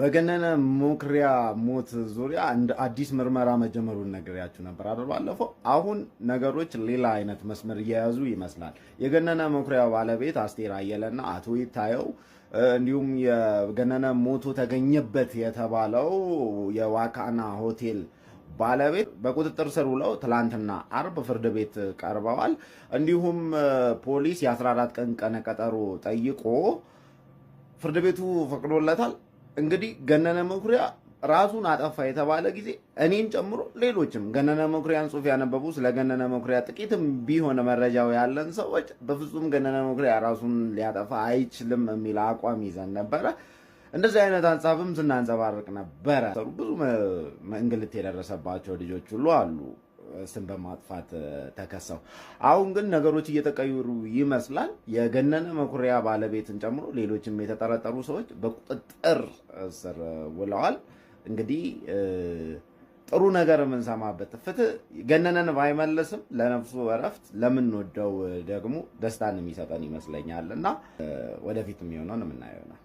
በገነነ ሞክሪያ ሞት ዙሪያ እንደ አዲስ ምርመራ መጀመሩን ነግሬያችሁ ነበር አይደል? ባለፈው። አሁን ነገሮች ሌላ አይነት መስመር እየያዙ ይመስላል። የገነነ ሞክሪያ ባለቤት አስቴር አየለና አቶ ይታየው እንዲሁም የገነነ ሞቶ ተገኘበት የተባለው የዋካና ሆቴል ባለቤት በቁጥጥር ስር ውለው ትላንትና አርብ ፍርድ ቤት ቀርበዋል። እንዲሁም ፖሊስ የ14 ቀን ቀነ ቀጠሮ ጠይቆ ፍርድ ቤቱ ፈቅዶለታል። እንግዲህ ገነነ መኩሪያ ራሱን አጠፋ የተባለ ጊዜ እኔን ጨምሮ ሌሎችም ገነነ መኩሪያን ጽሁፍ ያነበቡ ስለ ገነነ መኩሪያ ጥቂትም ቢሆን መረጃው ያለን ሰዎች በፍጹም ገነነ መኩሪያ ራሱን ሊያጠፋ አይችልም የሚል አቋም ይዘን ነበረ። እንደዚህ አይነት ሀሳብም ስናንጸባርቅ ነበረ። ብዙ እንግልት የደረሰባቸው ልጆች ሁሉ አሉ ስም በማጥፋት ተከሰው። አሁን ግን ነገሮች እየተቀየሩ ይመስላል። የገነነ መኩሪያ ባለቤትን ጨምሮ ሌሎችም የተጠረጠሩ ሰዎች በቁጥጥር ስር ውለዋል። እንግዲህ ጥሩ ነገር የምንሰማበት ፍትህ ገነነን ባይመልስም ለነፍሱ እረፍት ለምንወደው ደግሞ ደስታን የሚሰጠን ይመስለኛል እና ወደፊት የሚሆነውን የምናየው ነው።